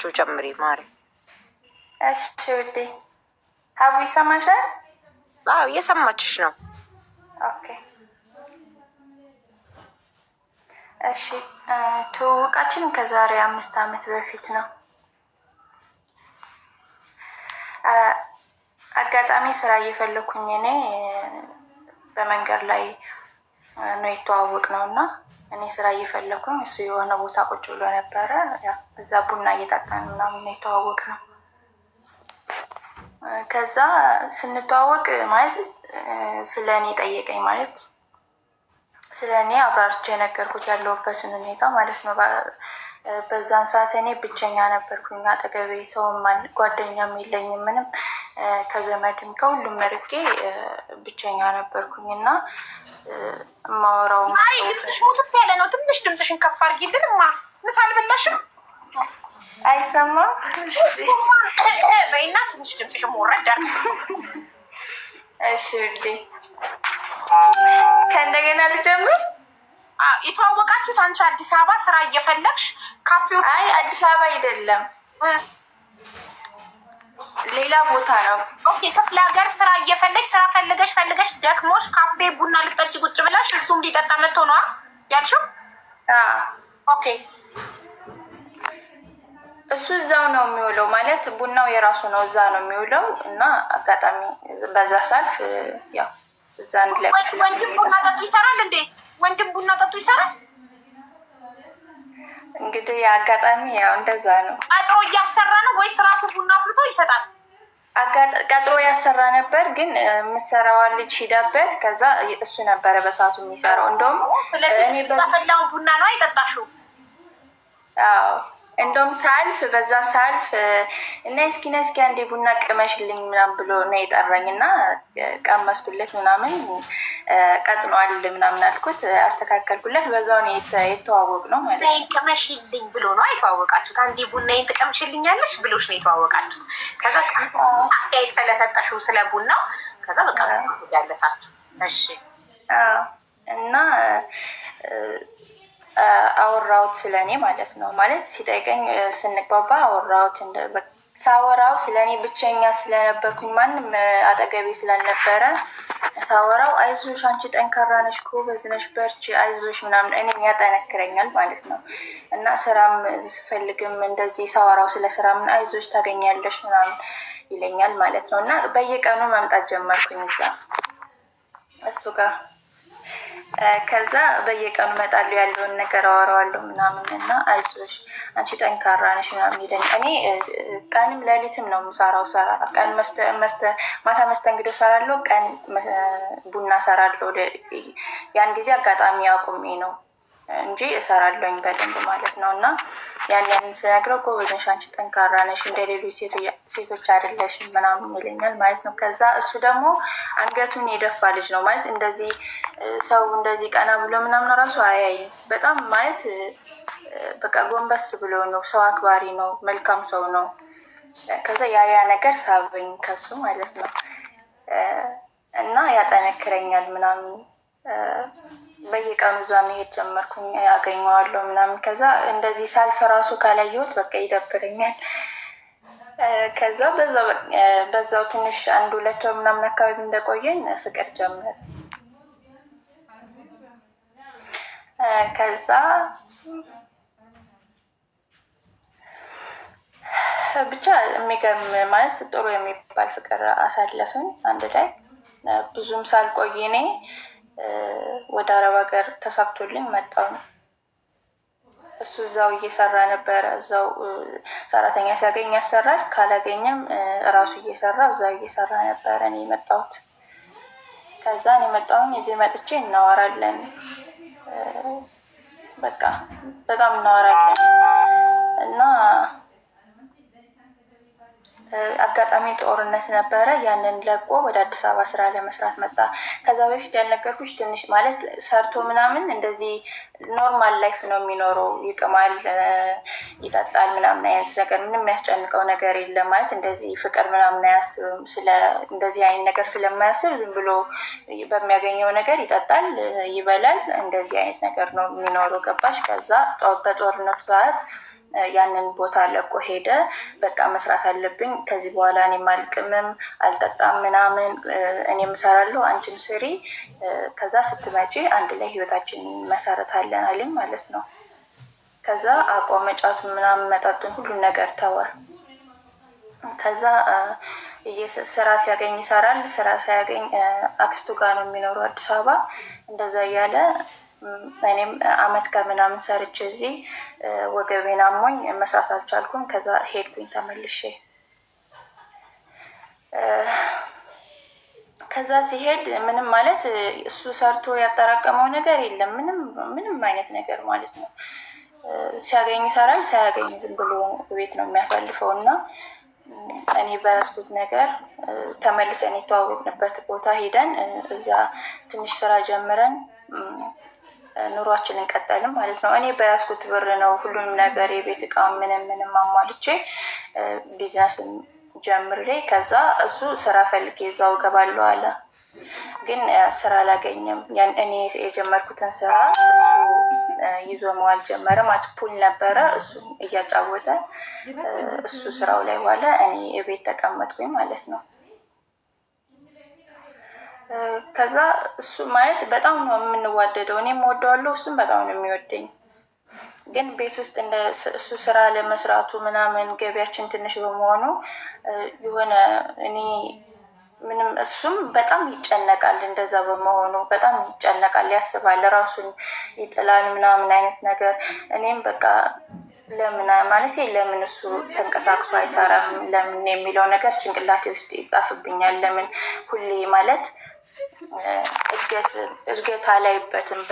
ጩ ጨምሪ ማሪ። እሺ ውዴ ሀቡ ይሰማሻል? አዎ እየሰማችሽ ነው። ኦኬ እሺ። ትውውቃችን ከዛሬ አምስት ዓመት በፊት ነው። አጋጣሚ ስራ እየፈለኩኝ እኔ በመንገድ ላይ ነው የተዋወቅ ነው እና እኔ ስራ እየፈለኩኝ እሱ የሆነ ቦታ ቁጭ ብሎ ነበረ። እዛ ቡና እየጠጣን ምናምን ነው የተዋወቅ ነው። ከዛ ስንተዋወቅ ማለት ስለ እኔ ጠየቀኝ ማለት ስለ እኔ አብራርቼ የነገርኩት ያለሁበትን ሁኔታ ማለት ነው በዛን ሰዓት እኔ ብቸኛ ነበርኩኝ። አጠገቤ ሰውም ጓደኛም የለኝም ምንም ከዘመድም ከሁሉም መርቄ ብቸኛ ነበርኩኝ እና ማወራው ድምፅሽ ሙትት ያለ ነው። ትንሽ ድምፅሽን ከፍ አድርጊልን። ማ ምሳ አልበላሽም? አይሰማም በይና ትንሽ ድምፅሽን ወረድ እሺ፣ ከእንደገና ልጀምር የተዋወቃችሁት አንቺ አዲስ አበባ ስራ እየፈለግሽ ካፌ ውስጥ? አይ አዲስ አበባ አይደለም፣ ሌላ ቦታ ነው። ኦኬ ክፍለ ሀገር ስራ እየፈለግሽ ስራ ፈልገሽ ፈልገሽ ደክሞሽ ካፌ ቡና ልጠጭ ቁጭ ብለሽ እሱም ሊጠጣ መጥቶ ነዋ ያልሽው? ኦኬ እሱ እዛው ነው የሚውለው ማለት ቡናው የራሱ ነው፣ እዛ ነው የሚውለው እና አጋጣሚ በዛ ሳልፍ ያው እዛ ወንድም ቡና ጠጡ ይሰራል እንዴ? ወንድም ቡና ጠጡ ይሰራል። እንግዲህ አጋጣሚ ያው እንደዛ ነው። ቀጥሮ እያሰራ ነው ወይስ ራሱ ቡና አፍልቶ ይሰጣል? ቀጥሮ ያሰራ ነበር፣ ግን የምሰራዋ ልጅ ሂዳበት፣ ከዛ እሱ ነበረ በሰዓቱ የሚሰራው። እንደውም ስለዚህ ፈላውን ቡና ነው አይጠጣሽው? አዎ እንደውም ሳልፍ በዛ ሳልፍ እና እስኪ ና እስኪ አንዴ ቡና ቅመሽልኝ ምናም ብሎ ነው የጠራኝ እና ቀመስኩለት ምናምን ቀጥነዋል ምናምን አልኩት፣ አስተካከልኩለት። በዛው ነው የተዋወቅ ነው ማለት ነው። ቅመሽልኝ ብሎ ነው የተዋወቃችሁት። አንዴ ቡናዬን ትቀምሽልኛለሽ ብሎች ነው የተዋወቃችሁት። ከዛ ቀምስ አስተያየት ስለሰጠሽው ስለ ቡናው ከዛ በቃ ያለሳችሁ እሺ እና አወራሁት ስለኔ ማለት ነው። ማለት ሲጠይቀኝ ስንግባባ አወራሁት። ሳወራው ስለ ብቸኛ ስለነበርኩኝ ማንም አጠገቤ ስላልነበረ ሳወራው አይዞሽ፣ አንቺ ጠንካራ ነሽ፣ ጎበዝ ነሽ፣ በርቺ፣ አይዞሽ ምናምን እኔን ያጠነክረኛል ማለት ነው። እና ስራም ስፈልግም እንደዚህ ሳወራው ስለ ስራ ምን አይዞሽ ታገኛለሽ ምናምን ይለኛል ማለት ነው። እና በየቀኑ መምጣት ጀመርኩኝ እዛ እሱ ጋር ከዛ በየቀኑ መጣሉ ያለውን ነገር አወራዋለሁ ምናምን እና አይዞሽ አንቺ ጠንካራ ነሽ ምናምን ይለኝ። እኔ ቀንም ሌሊትም ነው ምሰራው ሰራ ቀን ማታ መስተንግዶ ሰራለሁ፣ ቀን ቡና ሰራለሁ። ያን ጊዜ አጋጣሚ አቁሜ ነው እንጂ እሰራለኝ በደንብ ማለት ነው። እና ያን ያንን ስነግረው ጎበዝ ነሽ አንቺ፣ ጠንካራ ነሽ፣ እንደ ሌሎች ሴቶች አይደለሽም ምናምን ይለኛል ማለት ነው። ከዛ እሱ ደግሞ አንገቱን የደፋ ልጅ ነው ማለት እንደዚህ ሰው እንደዚህ ቀና ብሎ ምናምን ራሱ አያይም። በጣም ማለት በቃ ጎንበስ ብሎ ነው። ሰው አክባሪ ነው፣ መልካም ሰው ነው። ከዛ ያያ ነገር ሳብኝ ከሱ ማለት ነው እና ያጠነክረኛል ምናምን በየቀኑ እዛ መሄድ ጀመርኩኝ። አገኘዋለሁ ምናምን። ከዛ እንደዚህ ሳልፍ ራሱ ካላየሁት በቃ ይደብረኛል። ከዛ በዛው ትንሽ አንድ ሁለት ወር ምናምን አካባቢ እንደቆየን ፍቅር ጀመር። ከዛ ብቻ የሚገርም ማለት ጥሩ የሚባል ፍቅር አሳለፍን አንድ ላይ ብዙም ሳልቆይ እኔ ወደ አረብ ሀገር ተሳክቶልኝ መጣሁ ነው። እሱ እዛው እየሰራ ነበረ። እዛው ሰራተኛ ሲያገኝ ያሰራል፣ ካላገኘም እራሱ እየሰራ እዛው እየሰራ ነበረ እኔ የመጣሁት። ከዛ እኔ መጣሁኝ እዚህ መጥቼ እናወራለን፣ በቃ በጣም እናወራለን እና አጋጣሚ ጦርነት ነበረ። ያንን ለቆ ወደ አዲስ አበባ ስራ ለመስራት መጣ። ከዛ በፊት ያልነገርኩሽ ትንሽ ማለት ሰርቶ ምናምን እንደዚህ ኖርማል ላይፍ ነው የሚኖረው። ይቅማል፣ ይጠጣል፣ ምናምን አይነት ነገር ምንም የሚያስጨንቀው ነገር የለም ማለት እንደዚህ ፍቅር ምናምን አያስብም። ስለ እንደዚህ አይነት ነገር ስለማያስብ ዝም ብሎ በሚያገኘው ነገር ይጠጣል፣ ይበላል። እንደዚህ አይነት ነገር ነው የሚኖረው። ገባሽ? ከዛ በጦርነቱ ሰዓት ያንን ቦታ ለቆ ሄደ። በቃ መስራት አለብኝ ከዚህ በኋላ እኔም አልቅምም አልጠጣም ምናምን እኔም እሰራለሁ አንቺም ስሪ፣ ከዛ ስትመጪ አንድ ላይ ህይወታችን መሰረታለን አለኝ ማለት ነው። ከዛ አቆመ ጫቱን ምናምን መጠጡን ሁሉን ነገር ተወ። ከዛ ስራ ሲያገኝ ይሰራል፣ ስራ ሳያገኝ አክስቱ ጋር ነው የሚኖሩ አዲስ አበባ። እንደዛ እያለ እኔም አመት ከምናምን ሰርች እዚህ ወገቤን አሞኝ መስራት አልቻልኩም። ከዛ ሄድኩኝ ተመልሼ። ከዛ ሲሄድ ምንም ማለት እሱ ሰርቶ ያጠራቀመው ነገር የለም ምንም ምንም አይነት ነገር ማለት ነው። ሲያገኝ ይሰራል፣ ሳያገኝ ዝም ብሎ ቤት ነው የሚያሳልፈው እና እኔ በረስኩት ነገር ተመልሰን የተዋወቅንበት ቦታ ሄደን እዛ ትንሽ ስራ ጀምረን ኑሯችን እንቀጠልም ማለት ነው። እኔ በያዝኩት ብር ነው ሁሉንም ነገር የቤት እቃ ምንም ምንም አሟልቼ ቢዝነስን ጀምሬ ከዛ እሱ ስራ ፈልጌ እዛው እገባለሁ አለ። ግን ስራ አላገኘም። እኔ የጀመርኩትን ስራ እሱ ይዞ መዋል ጀመረ ማለት ፑል ነበረ። እሱ እያጫወተ እሱ ስራው ላይ ዋለ፣ እኔ ቤት ተቀመጥኩኝ ማለት ነው። ከዛ እሱ ማለት በጣም ነው የምንዋደደው። እኔም ወደዋለሁ፣ እሱም በጣም ነው የሚወደኝ። ግን ቤት ውስጥ እሱ ስራ ለመስራቱ ምናምን ገቢያችን ትንሽ በመሆኑ የሆነ እኔ ምንም እሱም በጣም ይጨነቃል። እንደዛ በመሆኑ በጣም ይጨነቃል፣ ያስባል፣ ራሱን ይጥላል ምናምን አይነት ነገር እኔም በቃ ለምን ማለት ለምን እሱ ተንቀሳቅሶ አይሰራም ለምን የሚለው ነገር ጭንቅላቴ ውስጥ ይጻፍብኛል። ለምን ሁሌ ማለት እድገት አላይበትም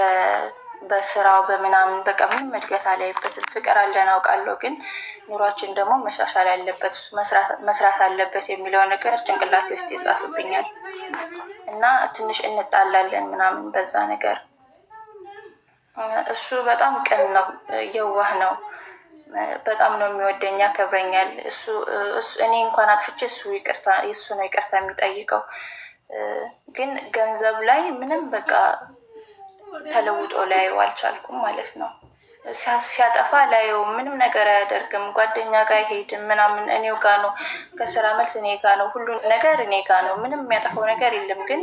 በስራው በምናምን በቃ ምንም እድገት አላይበትም። ፍቅር አለን አውቃለሁ፣ ግን ኑሯችን ደግሞ መሻሻል አለበት መስራት አለበት የሚለው ነገር ጭንቅላቴ ውስጥ ይጻፍብኛል እና ትንሽ እንጣላለን ምናምን በዛ ነገር። እሱ በጣም ቅን ነው፣ የዋህ ነው፣ በጣም ነው የሚወደኝ፣ ያከብረኛል። እኔ እንኳን አጥፍቼ እሱ ነው ይቅርታ የሚጠይቀው ግን ገንዘብ ላይ ምንም በቃ ተለውጦ ላየው አልቻልኩም ማለት ነው። ሲያጠፋ ላየው ምንም ነገር አያደርግም። ጓደኛ ጋር አይሄድም ምናምን እኔው ጋር ነው ከስራ መልስ እኔ ጋ ነው፣ ሁሉ ነገር እኔ ጋ ነው። ምንም የሚያጠፋው ነገር የለም። ግን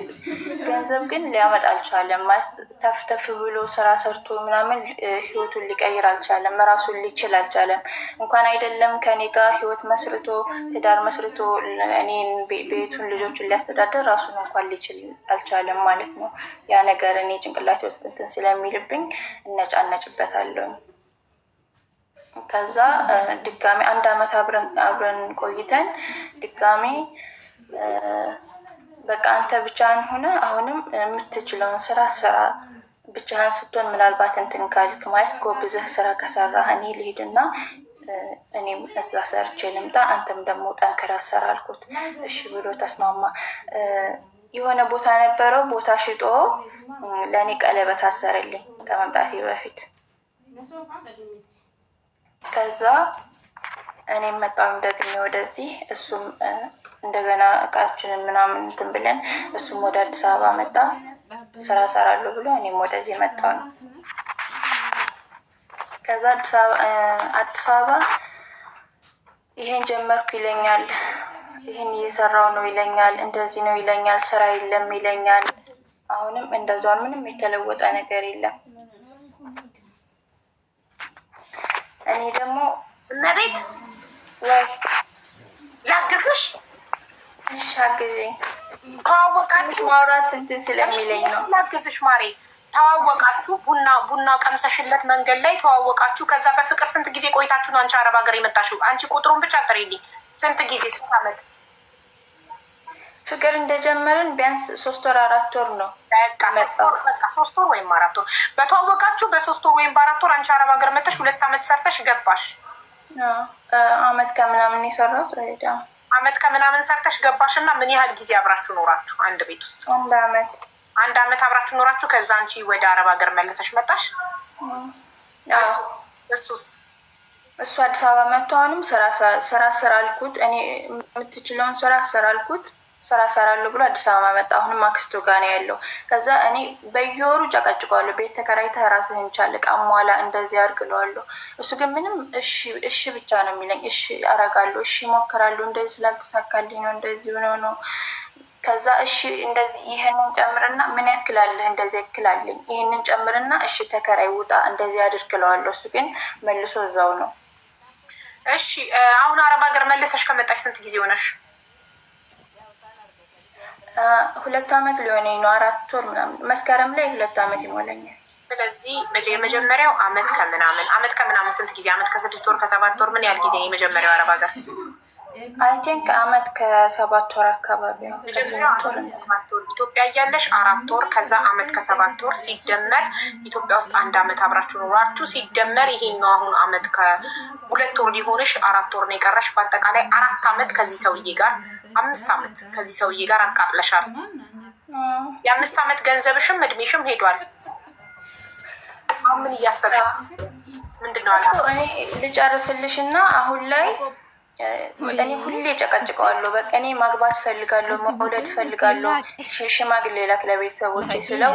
ገንዘብ ግን ሊያመጣ አልቻለም። ማለት ተፍተፍ ብሎ ስራ ሰርቶ ምናምን ህይወቱን ሊቀይር አልቻለም። ራሱን ሊችል አልቻለም። እንኳን አይደለም ከኔ ጋ ህይወት መስርቶ ትዳር መስርቶ እኔን ቤቱን ልጆችን ሊያስተዳደር ራሱን እንኳን ሊችል አልቻለም ማለት ነው። ያ ነገር እኔ ጭንቅላቴ ውስጥ እንትን ስለሚልብኝ እነጫነጭበታለሁ። ከዛ ድጋሚ አንድ አመት አብረን ቆይተን ድጋሚ በቃ አንተ ብቻህን ሆነ አሁንም የምትችለውን ስራ ስራ። ብቻህን ስትሆን ምናልባት እንትን ካልክ ማለት ጎብዘህ ስራ ከሰራህ እኔ ልሂድና እኔም እዛ ሰርቼ ልምጣ፣ አንተም ደግሞ ጠንክረህ ስራ አልኩት። እሺ ብሎ ተስማማ። የሆነ ቦታ ነበረው፣ ቦታ ሽጦ ለእኔ ቀለበት አሰረልኝ ከመምጣቴ በፊት ከዛ እኔም መጣሁኝ ደግሜ ወደዚህ እሱም እንደገና እቃችንን ምናምን እንትን ብለን እሱም ወደ አዲስ አበባ መጣ። ስራ ሰራለሁ ብሎ እኔም ወደዚህ መጣሁ ነው። ከዛ አዲስ አበባ ይሄን ጀመርኩ ይለኛል፣ ይህን እየሰራው ነው ይለኛል፣ እንደዚህ ነው ይለኛል፣ ስራ የለም ይለኛል። አሁንም እንደዛን ምንም የተለወጠ ነገር የለም። እኔ ደግሞ እመቤት ወይ ላግዝሽ አግዥኝ። ተዋወቃችሁ ማውራት እንትን ስለሚለኝ ነው። ላግዝሽ ማሬ ተዋወቃችሁ ቡና ቡና ቀምሰሽለት መንገድ ላይ ተዋወቃችሁ። ከዛ በፍቅር ስንት ጊዜ ቆይታችሁ ነው አንቺ አረብ ሀገር የመጣሽው? አንቺ ቁጥሩን ብቻ ጥሪልኝ። ስንት ጊዜ? ስንት አመት? ፍቅር እንደጀመርን ቢያንስ ሶስት ወር አራት ወር ነው። ሶስት ወር ወይም አራት ወር በተዋወቃችሁ በሶስት ወር ወይም በአራት ወር አንቺ አረብ ሀገር መተሽ ሁለት አመት ሰርተሽ ገባሽ። አመት ከምናምን የሰራት አመት ከምናምን ሰርተሽ ገባሽ። እና ምን ያህል ጊዜ አብራችሁ ኖራችሁ አንድ ቤት ውስጥ? አንድ አመት አንድ አመት አብራችሁ ኖራችሁ ከዛ አንቺ ወደ አረብ ሀገር መለሰሽ መጣሽ። እሱስ እሱ አዲስ አበባ መጥቶ አሁንም ስራ ስራ ስራ አልኩት እኔ የምትችለውን ስራ ስራ አልኩት ስራ እሰራለሁ ብሎ አዲስ አበባ መጣ። አሁንም አክስቱ ጋር ነው ያለው። ከዛ እኔ በየወሩ ጨቀጭቀዋለሁ። ቤት ተከራይተህ ራስህን ቻል፣ ዕቃ እንደዚህ አድርግ እሱ ግን ምንም እሺ እሺ ብቻ ነው የሚለኝ። እሺ አረጋለሁ፣ እሺ እሞክራለሁ፣ እንደዚህ ስላልተሳካልኝ ነው እንደዚህ ነው ነው ከዛ እሺ እንደዚህ ይህንን ጨምርና ምን ያክላለህ እንደዚህ ያክላለኝ ይህንን ጨምርና እሺ ተከራይ ውጣ እንደዚህ አድርግ እሱ ግን መልሶ እዛው ነው። እሺ አሁን አረብ ሀገር መለሰሽ ከመጣሽ ስንት ጊዜ ሆነሽ? ሁለት አመት ሊሆነኝ ነው አራት ወር ምናምን መስከረም ላይ ሁለት አመት ይሞላኛል። ስለዚህ የመጀመሪያው አመት ከምናምን አመት ከምናምን ስንት ጊዜ አመት ከስድስት ወር ከሰባት ወር ምን ያህል ጊዜ ነው የመጀመሪያው አረብ ሀገር? አይ ቲንክ አመት ከሰባት ወር አካባቢ ነው። ኢትዮጵያ እያለሽ አራት ወር ከዛ አመት ከሰባት ወር ሲደመር ኢትዮጵያ ውስጥ አንድ አመት አብራችሁ ኖራችሁ ሲደመር ይሄኛው አሁን አመት ከሁለት ወር ሊሆንሽ አራት ወር ነው የቀረሽ። በአጠቃላይ አራት አመት ከዚህ ሰውዬ ጋር አምስት ዓመት oh ከዚህ ሰውዬ ጋር አቃጥለሻል። የአምስት ዓመት ገንዘብሽም እድሜሽም ሄዷል። ምን እያሰብ ምንድን ነው እኔ ልጨርስልሽ እና አሁን ላይ እኔ ሁሌ ጨቀጭቀዋለሁ። በቃ እኔ ማግባት ፈልጋለሁ፣ መውለድ ፈልጋለሁ፣ ሽማግሌ ላክ ለቤተሰቦቼ ስለው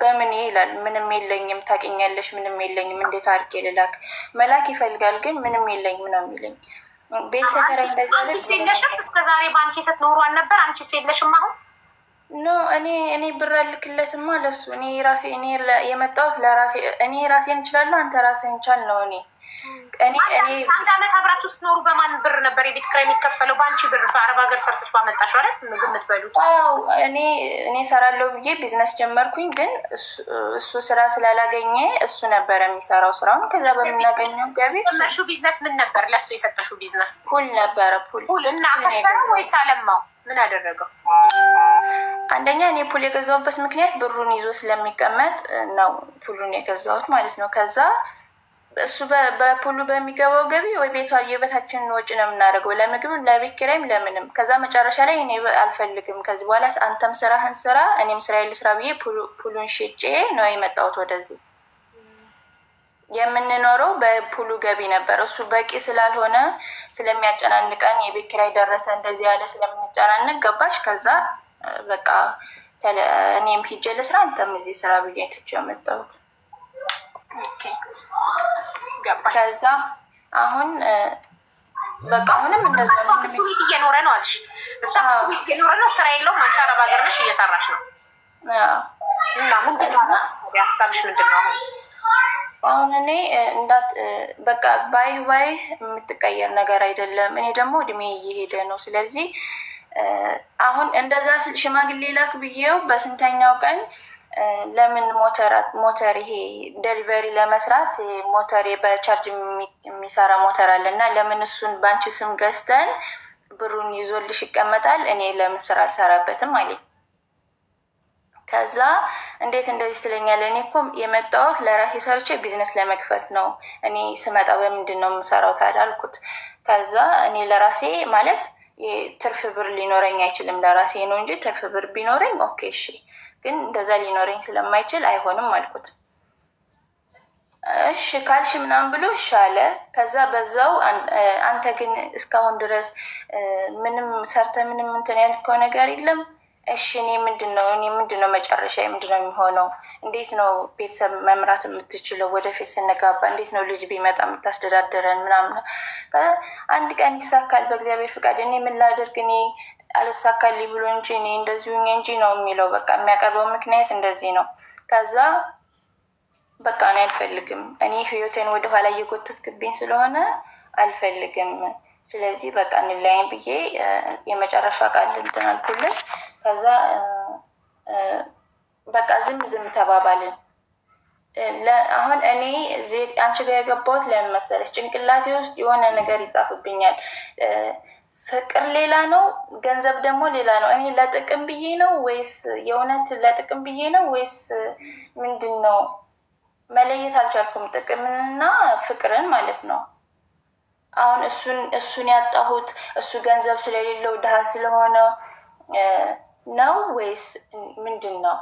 በምን ይላል? ምንም የለኝም፣ ታውቂኛለሽ፣ ምንም የለኝም፣ እንዴት አድርጌ ልላክ? መላክ ይፈልጋል ግን ምንም የለኝም ነው የሚለኝ። ቤት አንቺስ የለሽም? እስከ ዛሬ በአንቺ ስትኖሩ አልነበር? አንቺስ የለሽም? አሁን ኖ እኔ እኔ ብር ልክለትማ ለሱ እኔ ራሴ እኔ የመጣሁት ለራሴ እኔ ራሴን እችላለሁ። አንተ ራሴን ቻል ነው እኔ አንድ አመት አብራችሁ ስትኖሩ በማን ብር ነበር የቤት ኪራይ የሚከፈለው? በአንቺ ብር በአረብ ሀገር ሰርተሽ ምግብ የምትበሉት። እኔ እኔ ብዬ ቢዝነስ ጀመርኩኝ፣ ግን እሱ ስራ ስላላገኘ እሱ ነበር የሚሰራው ስራውን። ከዛ በምናገኘው ገቢ መርሹ ቢዝነስ ምን ነበር? ለእሱ የሰጠሽው ቢዝነስ ፑል ነበረ። ፑል ፑል እና ከሰረ ወይስ አለማው ምን አደረገው? አንደኛ እኔ ፑል የገዛውበት ምክንያት ብሩን ይዞ ስለሚቀመጥ ነው ፑሉን የገዛሁት ማለት ነው። ከዛ እሱ በፑሉ በሚገባው ገቢ ወይ ቤቷ የቤታችንን ወጪ ነው የምናደርገው፣ ለምግብም፣ ለቤት ኪራይም፣ ለምንም። ከዛ መጨረሻ ላይ እኔ አልፈልግም፣ ከዚህ በኋላ አንተም ስራህን ስራ፣ እኔም ስራዬን ልስራ ብዬ ፑሉን ሽጬ ነው የመጣሁት ወደዚህ። የምንኖረው በፑሉ ገቢ ነበር። እሱ በቂ ስላልሆነ ስለሚያጨናንቀን፣ የቤት ኪራይ ደረሰ እንደዚህ ያለ ስለምንጨናንቅ ገባሽ። ከዛ በቃ እኔም ሂጄ ልስራ፣ አንተም እዚህ ስራ ብዬ ትቼ የመጣሁት ከዛ አሁን በቃ አሁንም እንደዛ ክስቱ ቤት እየኖረ ነው አልሽ። እሷ ክስቱ ቤት እየኖረ ነው፣ ስራ የለውም። አንቺ አረብ ሀገር ነሽ፣ እየሰራሽ ነው። እና ምንድን ነው ሀሳብሽ? ምንድን ነው አሁን አሁን እኔ እንዳት በቃ ባይህ ባይህ የምትቀየር ነገር አይደለም። እኔ ደግሞ እድሜ እየሄደ ነው። ስለዚህ አሁን እንደዛ ሽማግሌ ላክ ብዬው በስንተኛው ቀን ለምን ሞተር ይሄ ደሊቨሪ ለመስራት ሞተር በቻርጅ የሚሰራ ሞተር አለ እና ለምን እሱን በአንቺ ስም ገዝተን ብሩን ይዞልሽ ይቀመጣል፣ እኔ ለምን ስራ አልሰራበትም አለኝ። ከዛ እንዴት እንደዚህ ትለኛለህ? እኔ እኮ የመጣሁት ለራሴ ሰርቼ ቢዝነስ ለመክፈት ነው። እኔ ስመጣ በምንድን ነው የምሰራው ታዲያ አልኩት። ከዛ እኔ ለራሴ ማለት ትርፍ ብር ሊኖረኝ አይችልም፣ ለራሴ ነው እንጂ ትርፍ ብር ቢኖረኝ ኦኬ እሺ ግን እንደዛ ሊኖረኝ ስለማይችል አይሆንም አልኩት። እሺ ካልሽ ምናምን ብሎ እሺ አለ። ከዛ በዛው አንተ ግን እስካሁን ድረስ ምንም ሰርተ ምንም እንትን ያልከው ነገር የለም። እሺ እኔ ምንድን ነው እኔ ምንድን ነው መጨረሻ ምንድን ነው የሚሆነው? እንዴት ነው ቤተሰብ መምራት የምትችለው? ወደፊት ስንጋባ እንዴት ነው ልጅ ቢመጣ የምታስተዳደረን ምናምን። አንድ ቀን ይሳካል በእግዚአብሔር ፍቃድ። እኔ ምን ላደርግ እኔ አልሳካልኝ ብሎ እንጂ እኔ እንደዚሁ እንጂ ነው የሚለው። በቃ የሚያቀርበው ምክንያት እንደዚህ ነው። ከዛ በቃ እኔ አልፈልግም፣ እኔ ህይወቴን ወደኋላ እየጎተትክብኝ ስለሆነ አልፈልግም። ስለዚህ በቃ እንለያይም ብዬ የመጨረሻ ቃል እንትን አልኩልን። ከዛ በቃ ዝም ዝም ተባባልን። አሁን እኔ አንቺ ጋር የገባሁት ለምን መሰለሽ፣ ጭንቅላቴ ውስጥ የሆነ ነገር ይጻፍብኛል ፍቅር ሌላ ነው፣ ገንዘብ ደግሞ ሌላ ነው። እኔ ለጥቅም ብዬ ነው ወይስ የእውነት ለጥቅም ብዬ ነው ወይስ ምንድን ነው? መለየት አልቻልኩም፣ ጥቅምንና ፍቅርን ማለት ነው። አሁን እሱን እሱን ያጣሁት እሱ ገንዘብ ስለሌለው ድሃ ስለሆነ ነው ወይስ ምንድን ነው?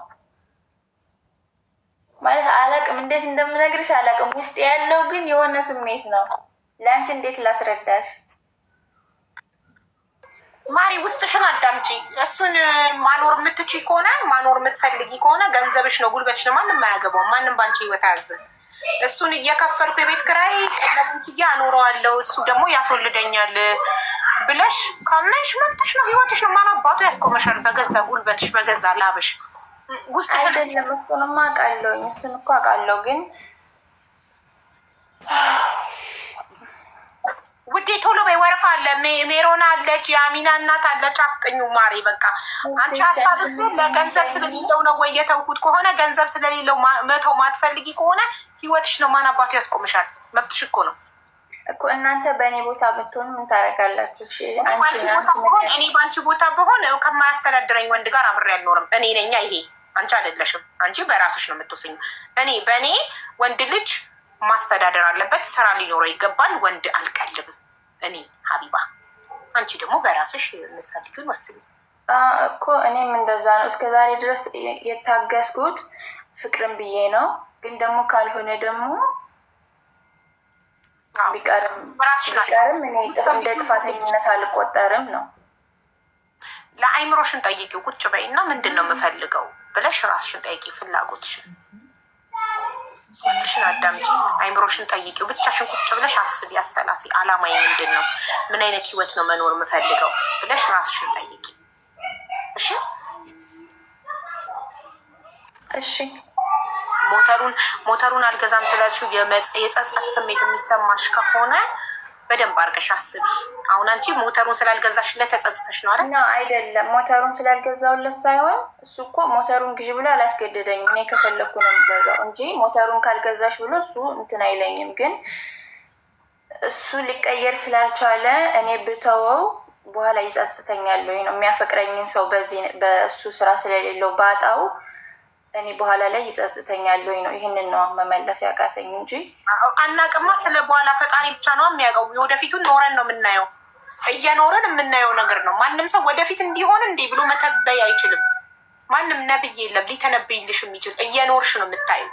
ማለት አላቅም፣ እንዴት እንደምነግርሽ አላቅም። ውስጥ ያለው ግን የሆነ ስሜት ነው። ለአንቺ እንዴት ላስረዳሽ? ማሪ ውስጥሽን አዳምጪ። እሱን ማኖር የምትች ከሆነ ማኖር የምትፈልጊ ከሆነ ገንዘብሽ ነው፣ ጉልበትሽ ነው። ማንም አያገባው። ማንም ባንቺ ህይወት አያዝም። እሱን እየከፈልኩ የቤት ክራይ ቀለቡንት ችዬ አኖረዋለሁ፣ እሱ ደግሞ ያስወልደኛል ብለሽ ካመንሽ መብትሽ ነው፣ ህይወትሽ ነው። ማናባቱ ያስቆመሻል? በገዛ ጉልበትሽ፣ በገዛ ላብሽ ውስጥሽ አይደለም። እሱንማ አውቃለሁ፣ እሱን እኮ አውቃለሁ ግን ውዴ ቶሎ በይ፣ ወረፋ አለ፣ ሜሮና አለች፣ የአሚና እናት አለች። አፍጥኙ ማሬ፣ በቃ አንቺ ሀሳብ ለገንዘብ ስለሌለው ነው ወይ የተውኩት ከሆነ ገንዘብ ስለሌለው መተው ማትፈልጊ ከሆነ ህይወትሽ ነው። ማን አባቱ ያስቆምሻል? መብትሽ እኮ ነው እኮ። እናንተ በእኔ ቦታ ብትሆኑ ምን ታደርጋላችሁ? እኔ በአንቺ ቦታ ብሆን ከማያስተዳድረኝ ወንድ ጋር አብሬ አልኖርም። እኔ ነኛ ይሄ፣ አንቺ አይደለሽም። አንቺ በራስሽ ነው የምትወስኝ። እኔ በእኔ ወንድ ልጅ ማስተዳደር አለበት። ስራ ሊኖረው ይገባል። ወንድ አልቀልብም እኔ ሀቢባ። አንቺ ደግሞ በራስሽ የምትፈልጊውን ወስኝ እኮ። እኔም እንደዛ ነው እስከ ዛሬ ድረስ የታገስኩት ፍቅርን ብዬ ነው። ግን ደግሞ ካልሆነ ደግሞ ቢቀርም እንደ ጥፋተኝነት አልቆጠርም ነው። ለአይምሮሽን ጠይቂ፣ ቁጭ በይና ምንድን ነው የምፈልገው ብለሽ ራስሽን ጠይቂ ፍላጎትሽን ውስጥሽን አዳምጪ፣ አይምሮሽን ጠይቂው። ብቻሽን ቁጭ ብለሽ አስቢ፣ አሰላሴ አላማዬ ምንድን ነው? ምን አይነት ህይወት ነው መኖር የምፈልገው ብለሽ ራስሽን ጠይቂ። እሺ እሺ። ሞተሩን ሞተሩን አልገዛም ስላልሽው የጸጸት ስሜት የሚሰማሽ ከሆነ በደንብ አድርገሽ አስቢ። አሁን አንቺ ሞተሩን ስላልገዛሽለት ተጸጽተሽ ነው አይደል? አይደለም፣ ሞተሩን ስላልገዛውለት ሳይሆን እሱ እኮ ሞተሩን ግዢ ብሎ አላስገደደኝ። እኔ ከፈለግኩ ነው የሚገዛው እንጂ ሞተሩን ካልገዛሽ ብሎ እሱ እንትን አይለኝም። ግን እሱ ሊቀየር ስላልቻለ እኔ ብተወው በኋላ ይጸጽተኛል ወይ ነው የሚያፈቅረኝን ሰው በዚህ በእሱ ስራ ስለሌለው ባጣው እኔ በኋላ ላይ ይጸጽተኛል ወይ ነው። ይህንን ነው መመለስ ያቃተኝ እንጂ አናቅማ። ስለ በኋላ ፈጣሪ ብቻ ነው የሚያውቀው። የወደፊቱን ኖረን ነው የምናየው። እየኖረን የምናየው ነገር ነው። ማንም ሰው ወደፊት እንዲሆን እንዲህ ብሎ መተበይ አይችልም። ማንም ነብይ የለም ሊተነብይልሽ የሚችል እየኖርሽ ነው የምታየው።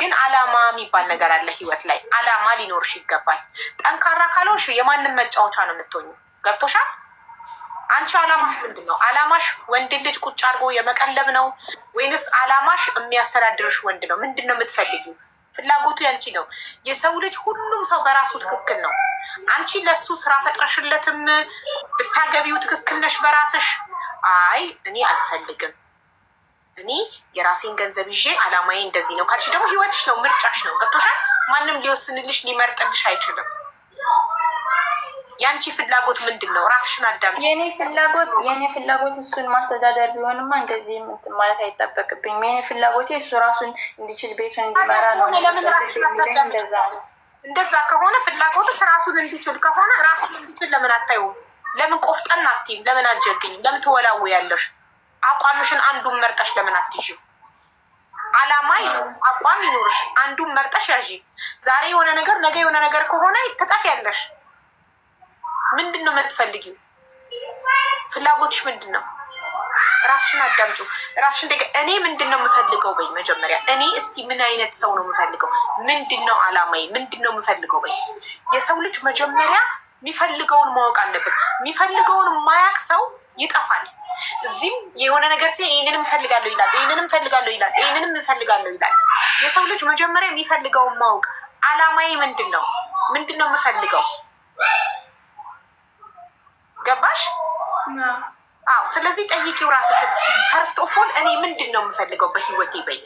ግን አላማ የሚባል ነገር አለ ህይወት ላይ አላማ ሊኖርሽ ይገባል። ጠንካራ ካልሆንሽ የማንም መጫወቻ ነው የምትሆኙ። ገብቶሻል? አንቺ አላማሽ ምንድን ነው? አላማሽ ወንድ ልጅ ቁጭ አድርጎ የመቀለብ ነው ወይንስ አላማሽ የሚያስተዳድርሽ ወንድ ነው? ምንድን ነው የምትፈልጊው? ፍላጎቱ ያንቺ ነው። የሰው ልጅ ሁሉም ሰው በራሱ ትክክል ነው። አንቺ ለሱ ስራ ፈጥረሽለትም ብታገቢው ትክክል ነሽ በራስሽ። አይ እኔ አልፈልግም፣ እኔ የራሴን ገንዘብ ይዤ አላማዬ እንደዚህ ነው ካልሽ ደግሞ ህይወትሽ ነው፣ ምርጫሽ ነው። ገብቶሻል? ማንም ሊወስንልሽ ሊመርጥልሽ አይችልም። ያንቺ ፍላጎት ምንድን ነው? ራስሽን አዳምጪ። የኔ ፍላጎት የኔ ፍላጎት እሱን ማስተዳደር ቢሆንማ እንደዚህ ማለት አይጠበቅብኝም። የኔ ፍላጎቴ እሱ ራሱን እንዲችል ቤቱን እንዲመራ ነው። ለምን ራስሽን አታዳምጪ? እንደዛ ከሆነ ፍላጎትሽ ራሱን እንዲችል ከሆነ ራሱን እንዲችል ለምን አታዩም? ለምን ቆፍጠን አትይም? ለምን አትጀግኝም? ለምን ትወላው ያለሽ አቋምሽን አንዱን መርጠሽ ለምን አትይዥም? አላማ ይኖርሽ፣ አቋም ይኖርሽ፣ አንዱን መርጠሽ ያዥ። ዛሬ የሆነ ነገር ነገ የሆነ ነገር ከሆነ ትጠፊያለሽ። ምንድን ነው የምትፈልጊው? ፍላጎትሽ ምንድን ነው? ራስሽን አዳምጩ። ራስሽን እኔ ምንድን ነው የምፈልገው በይ መጀመሪያ። እኔ እስቲ ምን አይነት ሰው ነው የምፈልገው? ምንድን ነው አላማዬ? ምንድን ነው የምፈልገው በይ። የሰው ልጅ መጀመሪያ የሚፈልገውን ማወቅ አለብን። የሚፈልገውን ማያቅ ሰው ይጠፋል። እዚህም የሆነ ነገር ሲ ይህንንም እፈልጋለሁ ይላል፣ ይህንንም እፈልጋለሁ ይላል፣ ይህንንም እፈልጋለሁ ይላል። የሰው ልጅ መጀመሪያ የሚፈልገውን ማወቅ አላማዬ ምንድን ነው? ምንድን ነው የምፈልገው ገባሽ? አዎ። ስለዚህ ጠይቂው ራስሽን። ፈርስት ኦፍ ኦል እኔ ምንድን ነው የምፈልገው በህይወቴ በይ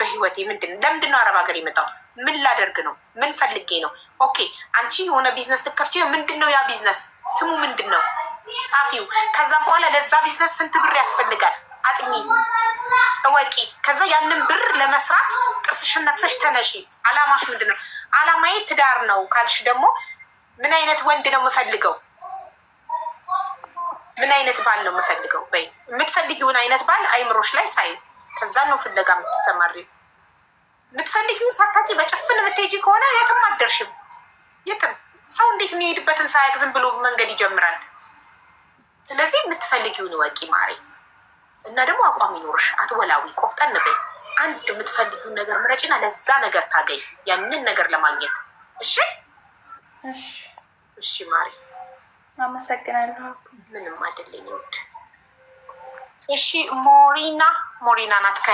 በህይወቴ ምንድን ነው ለምንድን ነው አረብ ሀገር የመጣው? ምን ላደርግ ነው? ምን ፈልጌ ነው? ኦኬ አንቺ የሆነ ቢዝነስ ልከፍቺ ምንድን ነው ያ ቢዝነስ ስሙ ምንድን ነው? ጻፊው። ከዛም በኋላ ለዛ ቢዝነስ ስንት ብር ያስፈልጋል? አጥኚ፣ እወቂ። ከዛ ያንን ብር ለመስራት ጥርስሽን ነክሰሽ ተነሺ። አላማሽ ምንድን ነው? አላማዬ ትዳር ነው ካልሽ ደግሞ ምን አይነት ወንድ ነው የምፈልገው ምን አይነት ባል ነው የምፈልገው? በይ የምትፈልጊውን አይነት ባል አይምሮች ላይ ሳይ ከዛ ነው ፍለጋ የምትሰማሪ። የምትፈልጊውን ሳታቂ በጭፍን የምትሄጂ ከሆነ የትም አትደርሽም። የትም ሰው እንዴት የሚሄድበትን ሳያቅ ዝም ብሎ መንገድ ይጀምራል። ስለዚህ የምትፈልጊውን ወቂ ማሬ። እና ደግሞ አቋም ይኖርሽ፣ አትወላዊ፣ ቆፍጠን በይ። አንድ የምትፈልጊውን ነገር ምረጭና ለዛ ነገር ታገኝ፣ ያንን ነገር ለማግኘት እሺ። እሺ ማሬ አመሰግናለሁ። ምንም አይደለኝ። እሺ ሞሪና ሞሪና ናት።